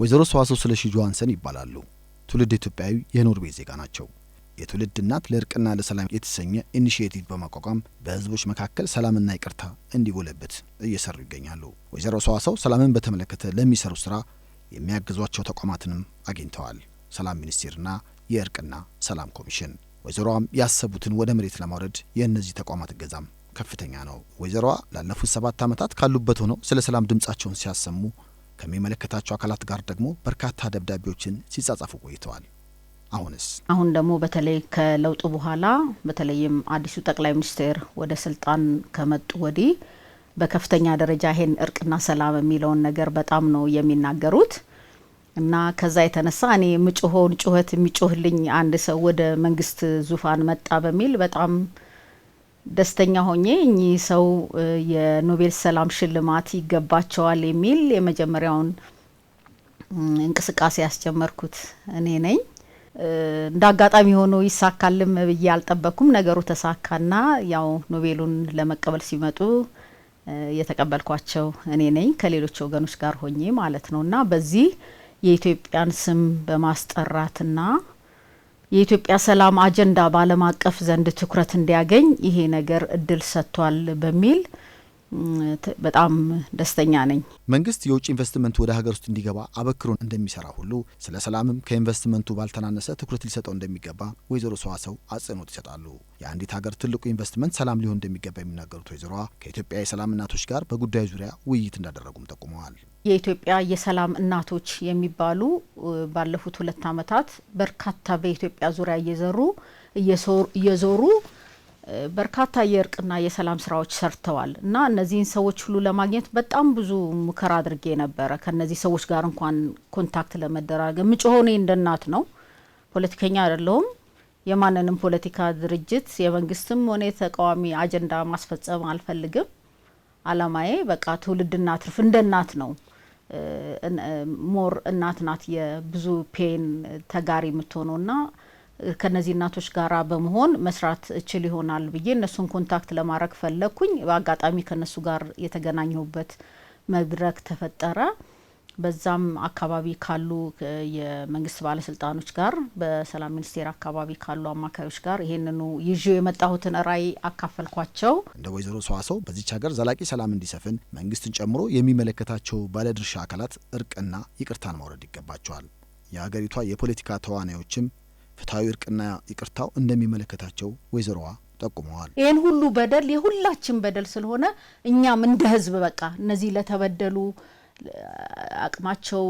ወይዘሮ ሰዋሰው ስለሺ ጆሃንሰን ይባላሉ። ትውልድ ኢትዮጵያዊ የኖርዌይ ዜጋ ናቸው። የትውልድ እናት ለእርቅና ለሰላም የተሰኘ ኢኒሽቲቭ በማቋቋም በህዝቦች መካከል ሰላምና ይቅርታ እንዲጎለበት እየሰሩ ይገኛሉ። ወይዘሮ ሰዋሰው ሰላምን በተመለከተ ለሚሰሩ ስራ የሚያግዟቸው ተቋማትንም አግኝተዋል። ሰላም ሚኒስቴርና የእርቅና ሰላም ኮሚሽን። ወይዘሮዋም ያሰቡትን ወደ መሬት ለማውረድ የእነዚህ ተቋማት እገዛም ከፍተኛ ነው። ወይዘሮዋ ላለፉት ሰባት ዓመታት ካሉበት ሆነው ስለ ሰላም ድምጻቸውን ሲያሰሙ ከሚመለከታቸው አካላት ጋር ደግሞ በርካታ ደብዳቤዎችን ሲጻጻፉ ቆይተዋል። አሁንስ አሁን ደግሞ በተለይ ከለውጡ በኋላ በተለይም አዲሱ ጠቅላይ ሚኒስትር ወደ ስልጣን ከመጡ ወዲህ በከፍተኛ ደረጃ ይሄን እርቅና ሰላም የሚለውን ነገር በጣም ነው የሚናገሩት እና ከዛ የተነሳ እኔ ምጮሆን ጩኸት የሚጮህልኝ አንድ ሰው ወደ መንግስት ዙፋን መጣ በሚል በጣም ደስተኛ ሆኜ እኚህ ሰው የኖቤል ሰላም ሽልማት ይገባቸዋል የሚል የመጀመሪያውን እንቅስቃሴ ያስጀመርኩት እኔ ነኝ። እንደ አጋጣሚ ሆኖ ይሳካልም ብዬ አልጠበኩም ነገሩ ተሳካና ያው ኖቤሉን ለመቀበል ሲመጡ የተቀበልኳቸው እኔ ነኝ ከሌሎች ወገኖች ጋር ሆኜ ማለት ነው እና በዚህ የኢትዮጵያን ስም በማስጠራትና የኢትዮጵያ ሰላም አጀንዳ በዓለም አቀፍ ዘንድ ትኩረት እንዲያገኝ ይሄ ነገር እድል ሰጥቷል በሚል በጣም ደስተኛ ነኝ። መንግስት የውጭ ኢንቨስትመንት ወደ ሀገር ውስጥ እንዲገባ አበክሮ እንደሚሰራ ሁሉ ስለ ሰላምም ከኢንቨስትመንቱ ባልተናነሰ ትኩረት ሊሰጠው እንደሚገባ ወይዘሮ ሰዋሰው አጽንኦት ይሰጣሉ። የአንዲት ሀገር ትልቁ ኢንቨስትመንት ሰላም ሊሆን እንደሚገባ የሚናገሩት ወይዘሮዋ ከኢትዮጵያ የሰላም እናቶች ጋር በጉዳዩ ዙሪያ ውይይት እንዳደረጉም ጠቁመዋል። የኢትዮጵያ የሰላም እናቶች የሚባሉ ባለፉት ሁለት ዓመታት በርካታ በኢትዮጵያ ዙሪያ እየዘሩ እየዞሩ በርካታ የእርቅና የሰላም ስራዎች ሰርተዋል እና እነዚህን ሰዎች ሁሉ ለማግኘት በጣም ብዙ ሙከራ አድርጌ ነበረ። ከነዚህ ሰዎች ጋር እንኳን ኮንታክት ለመደራገ የምጮኸው እኔ እንደ እናት ነው። ፖለቲከኛ አይደለሁም። የማንንም ፖለቲካ ድርጅት የመንግስትም ሆነ የተቃዋሚ አጀንዳ ማስፈጸም አልፈልግም። አላማዬ በቃ ትውልድ እናትርፍ እንደ እናት ነው። ሞር እናት ናት የብዙ ፔን ተጋሪ የምትሆነው ና ከነዚህ እናቶች ጋራ በመሆን መስራት እችል ይሆናል ብዬ እነሱን ኮንታክት ለማድረግ ፈለግኩኝ። በአጋጣሚ ከነሱ ጋር የተገናኘሁበት መድረክ ተፈጠረ። በዛም አካባቢ ካሉ የመንግስት ባለስልጣኖች ጋር በሰላም ሚኒስቴር አካባቢ ካሉ አማካዮች ጋር ይህንኑ ይዥ የመጣሁትን ራዕይ አካፈልኳቸው። እንደ ወይዘሮ ሰዋሰው በዚች ሀገር ዘላቂ ሰላም እንዲሰፍን መንግስትን ጨምሮ የሚመለከታቸው ባለድርሻ አካላት እርቅና ይቅርታን ማውረድ ይገባቸዋል። የሀገሪቷ የፖለቲካ ተዋናዮችም ፍትሐዊ እርቅና ይቅርታው እንደሚመለከታቸው ወይዘሮዋ ጠቁመዋል። ይህን ሁሉ በደል የሁላችን በደል ስለሆነ እኛም እንደ ህዝብ በቃ እነዚህ ለተበደሉ አቅማቸው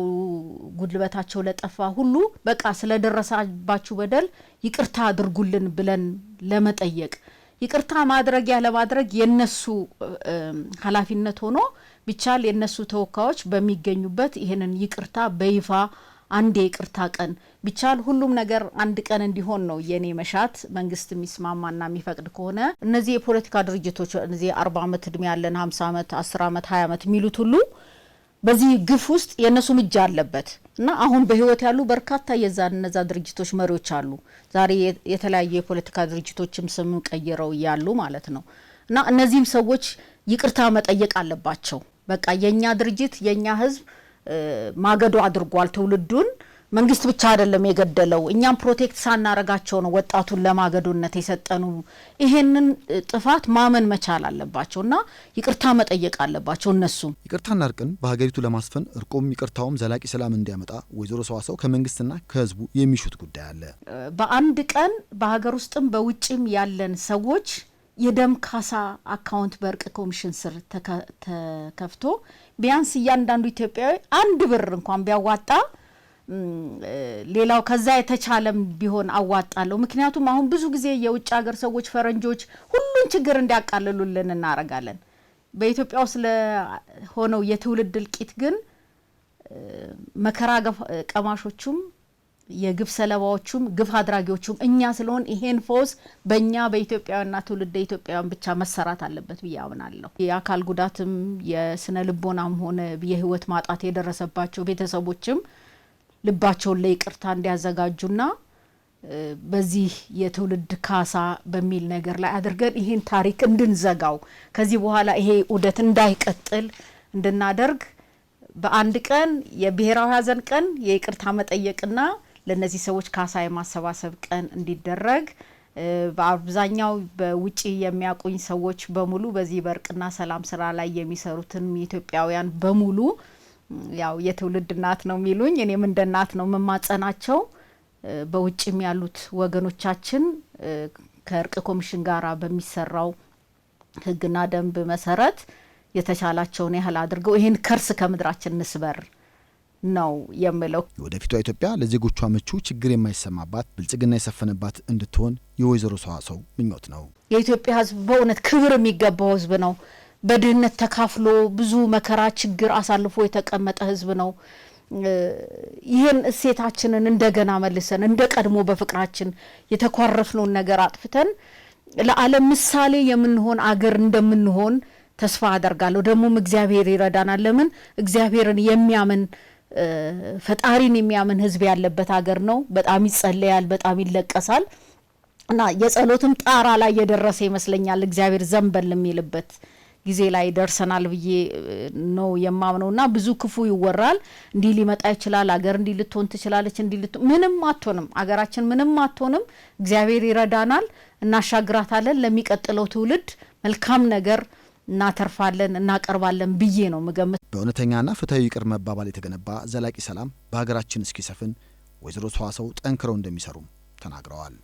ጉልበታቸው ለጠፋ ሁሉ በቃ ስለደረሰባችሁ በደል ይቅርታ አድርጉልን ብለን ለመጠየቅ ይቅርታ ማድረግ ያለማድረግ የነሱ ኃላፊነት ሆኖ ቢቻል የነሱ ተወካዮች በሚገኙበት ይህንን ይቅርታ በይፋ አንድ የይቅርታ ቀን ቢቻል ሁሉም ነገር አንድ ቀን እንዲሆን ነው የኔ መሻት። መንግስት የሚስማማና የሚፈቅድ ከሆነ እነዚህ የፖለቲካ ድርጅቶች እነዚህ አርባ ዓመት እድሜ ያለን ሀምሳ ዓመት አስር ዓመት ሀያ ዓመት የሚሉት ሁሉ በዚህ ግፍ ውስጥ የእነሱም እጅ አለበት እና አሁን በህይወት ያሉ በርካታ የዛ እነዛ ድርጅቶች መሪዎች አሉ። ዛሬ የተለያዩ የፖለቲካ ድርጅቶችም ስም ቀይረው እያሉ ማለት ነው እና እነዚህም ሰዎች ይቅርታ መጠየቅ አለባቸው። በቃ የእኛ ድርጅት የእኛ ህዝብ ማገዶ አድርጓል ትውልዱን። መንግስት ብቻ አይደለም የገደለው፣ እኛም ፕሮቴክት ሳናረጋቸው ነው ወጣቱን ለማገዶነት የሰጠኑ። ይሄንን ጥፋት ማመን መቻል አለባቸው እና ይቅርታ መጠየቅ አለባቸው እነሱም። ይቅርታና እርቅን በሀገሪቱ ለማስፈን እርቆም ይቅርታውም ዘላቂ ሰላም እንዲያመጣ ወይዘሮ ሰዋሰው ከመንግስትና ከህዝቡ የሚሹት ጉዳይ አለ። በአንድ ቀን በሀገር ውስጥም በውጭም ያለን ሰዎች የደም ካሳ አካውንት በእርቅ ኮሚሽን ስር ተከፍቶ ቢያንስ እያንዳንዱ ኢትዮጵያዊ አንድ ብር እንኳን ቢያዋጣ ሌላው ከዛ የተቻለም ቢሆን አዋጣለሁ። ምክንያቱም አሁን ብዙ ጊዜ የውጭ ሀገር ሰዎች ፈረንጆች ሁሉን ችግር እንዲያቃልሉልን እናረጋለን። በኢትዮጵያ ውስጥ ለሆነው የትውልድ እልቂት ግን መከራ ቀማሾቹም የግፍ ሰለባዎቹም ግፍ አድራጊዎቹም እኛ ስለሆን ይሄን ፎስ በእኛ በኢትዮጵያውያንና ትውልደ ኢትዮጵያውያን ብቻ መሰራት አለበት ብዬ አምናለሁ። የአካል ጉዳትም የስነ ልቦናም ሆነ የህይወት ማጣት የደረሰባቸው ቤተሰቦችም ልባቸውን ለይቅርታ እንዲያዘጋጁና በዚህ የትውልድ ካሳ በሚል ነገር ላይ አድርገን ይህን ታሪክ እንድንዘጋው ከዚህ በኋላ ይሄ ውደት እንዳይቀጥል እንድናደርግ በአንድ ቀን የብሔራዊ ሀዘን ቀን የይቅርታ መጠየቅና ለእነዚህ ሰዎች ካሳ የማሰባሰብ ቀን እንዲደረግ በአብዛኛው በውጭ የሚያቆኝ ሰዎች በሙሉ በዚህ በእርቅና ሰላም ስራ ላይ የሚሰሩትን ኢትዮጵያውያን በሙሉ ያው የትውልድ እናት ነው የሚሉኝ እኔም እንደ እናት ነው የምማጸናቸው። በውጭም ያሉት ወገኖቻችን ከእርቅ ኮሚሽን ጋር በሚሰራው ህግና ደንብ መሰረት የተቻላቸውን ያህል አድርገው ይህን ከርስ ከምድራችን እንስበር። ነው የምለው። ወደፊቷ ኢትዮጵያ ለዜጎቿ ምቹ፣ ችግር የማይሰማባት፣ ብልጽግና የሰፈነባት እንድትሆን የወይዘሮ ሰዋሰው ምኞት ነው። የኢትዮጵያ ሕዝብ በእውነት ክብር የሚገባው ሕዝብ ነው። በድህነት ተካፍሎ ብዙ መከራ፣ ችግር አሳልፎ የተቀመጠ ሕዝብ ነው። ይህን እሴታችንን እንደገና መልሰን እንደ ቀድሞ በፍቅራችን የተኳረፍነውን ነገር አጥፍተን ለዓለም ምሳሌ የምንሆን አገር እንደምንሆን ተስፋ አደርጋለሁ። ደግሞም እግዚአብሔር ይረዳናል። ለምን እግዚአብሔርን የሚያምን ፈጣሪን የሚያምን ህዝብ ያለበት ሀገር ነው። በጣም ይጸለያል፣ በጣም ይለቀሳል እና የጸሎትም ጣራ ላይ የደረሰ ይመስለኛል። እግዚአብሔር ዘንበል የሚልበት ጊዜ ላይ ደርሰናል ብዬ ነው የማምነው። እና ብዙ ክፉ ይወራል። እንዲህ ሊመጣ ይችላል፣ አገር እንዲህ ልትሆን ትችላለች፣ እንዲህ ልትሆን ምንም አትሆንም፣ አገራችን ምንም አትሆንም። እግዚአብሔር ይረዳናል፣ እናሻግራታለን። ለሚቀጥለው ትውልድ መልካም ነገር እናተርፋለን እናቀርባለን ብዬ ነው ምገምት። በእውነተኛና ፍትሐዊ ይቅር መባባል የተገነባ ዘላቂ ሰላም በሀገራችን እስኪሰፍን ወይዘሮ ተዋሰው ጠንክረው እንደሚሰሩም ተናግረዋል።